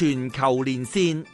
全球連線。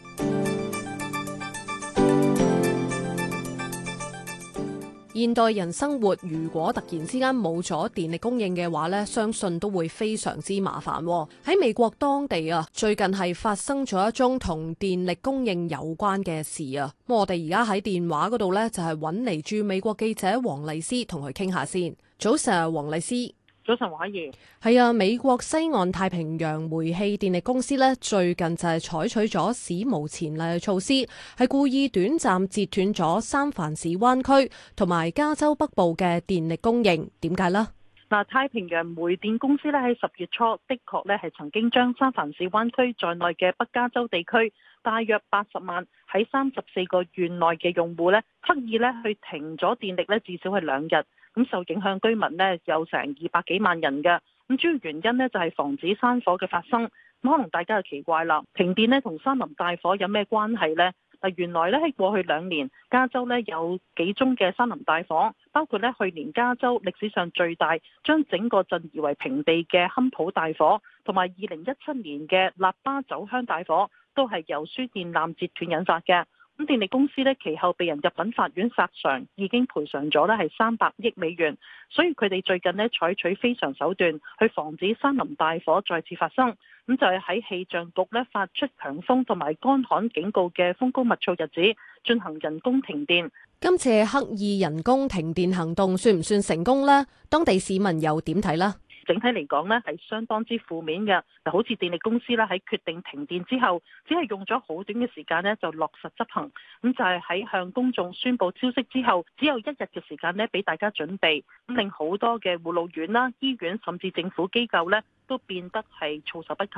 現代人生活，如果突然之間冇咗電力供應嘅話呢，相信都會非常之麻煩。喺美國當地啊，最近係發生咗一宗同電力供應有關嘅事啊。咁我哋而家喺電話嗰度呢，就係揾嚟住美國記者黃麗施同佢傾下先。早上，黃麗施。早晨，凱宜。係啊，美國西岸太平洋煤氣電力公司呢，最近就係採取咗史無前例嘅措施，係故意短暫截斷咗三藩市灣區同埋加州北部嘅電力供應。點解咧？嗱，太平洋煤電公司呢，喺十月初，的確呢，係曾經將三藩市灣區在內嘅北加州地區，大約八十萬喺三十四個縣內嘅用戶呢，刻意呢去停咗電力呢，至少係兩日。咁受影響居民呢，有成二百幾萬人嘅，咁主要原因呢，就係防止山火嘅發生。咁可能大家就奇怪啦，停電呢同山林大火有咩關係呢？嗱，原來呢，喺過去兩年加州呢有幾宗嘅山林大火，包括呢去年加州歷史上最大將整個鎮夷為平地嘅堪普大火，同埋二零一七年嘅納巴酒鄉大火，都係由輸電纜截斷引發嘅。咁電力公司咧，其後被人入稟法院索償，已經賠償咗咧係三百億美元。所以佢哋最近呢採取非常手段，去防止山林大火再次發生。咁就係喺氣象局咧發出強風同埋乾旱警告嘅風高物燥日子，進行人工停電。今次刻意人工停電行動算唔算成功呢？當地市民又點睇呢？整體嚟講呢係相當之負面嘅。嗱，好似電力公司咧，喺決定停電之後，只係用咗好短嘅時間呢就落實執行。咁就係、是、喺向公眾宣佈消息之後，只有一日嘅時間呢俾大家準備。咁令好多嘅護老院啦、醫院甚至政府機構呢都變得係措手不及。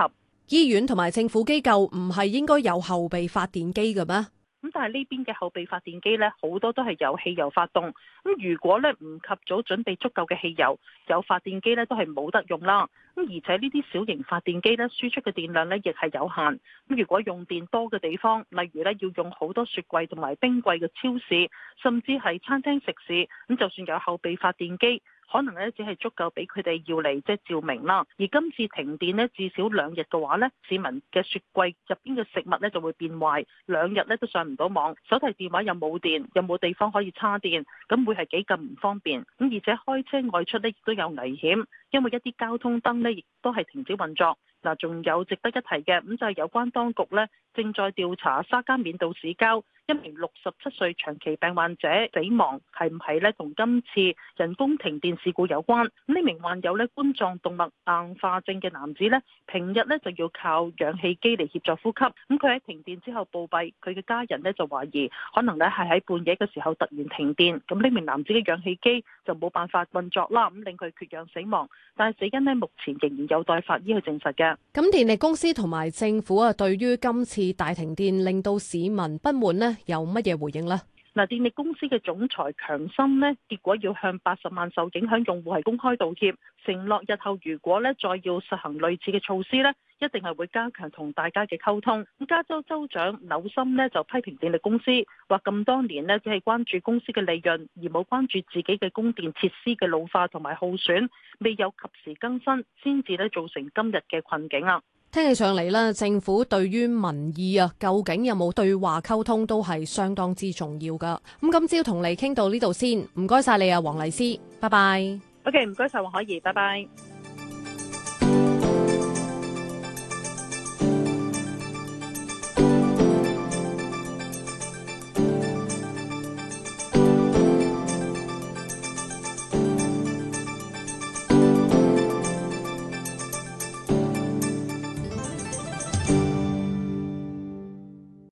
醫院同埋政府機構唔係應該有後備發電機嘅咩？咁但係呢邊嘅後備發電機呢，好多都係有汽油發動，咁如果呢唔及早準備足夠嘅汽油，有發電機呢都係冇得用啦。而且呢啲小型發電機咧，輸出嘅電量咧亦係有限。咁如果用電多嘅地方，例如咧要用好多雪櫃同埋冰櫃嘅超市，甚至係餐廳食肆，咁就算有後備發電機，可能咧只係足夠俾佢哋要嚟即係照明啦。而今次停電咧至少兩日嘅話咧，市民嘅雪櫃入邊嘅食物咧就會變壞，兩日咧都上唔到網，手提電話又冇電，又冇地方可以插電，咁會係幾咁唔方便。咁而且開車外出咧亦都有危險，因為一啲交通燈咧。亦都係停止運作。仲有值得一提嘅，咁就係、是、有關當局咧正在調查沙加緬度市郊一名六十七歲長期病患者死亡，係唔係咧同今次人工停電事故有關？呢名患有咧冠狀動脈硬化症嘅男子咧，平日咧就要靠氧氣機嚟協助呼吸。咁佢喺停電之後暴斃，佢嘅家人咧就懷疑可能咧係喺半夜嘅時候突然停電，咁呢名男子嘅氧氣機就冇辦法運作啦，咁令佢缺氧死亡。但係死因咧目前仍然有待法醫去證實嘅。咁電力公司同埋政府啊，對於今次大停電令到市民不滿咧，有乜嘢回應呢？嗱，電力公司嘅總裁強森呢，結果要向八十萬受影響用戶係公開道歉，承諾日後如果呢再要實行類似嘅措施呢，一定係會加強同大家嘅溝通。加州州長紐森呢就批評電力公司話：咁多年呢，只係關注公司嘅利潤，而冇關注自己嘅供電設施嘅老化同埋耗損，未有及時更新，先至呢，造成今日嘅困境啊！聽起上嚟咧，政府對於民意啊，究竟有冇對話溝通都係相當之重要噶。咁今朝同你傾到呢度先，唔該晒你啊，黃麗施，拜拜。OK，唔該晒黃凱宜，拜拜。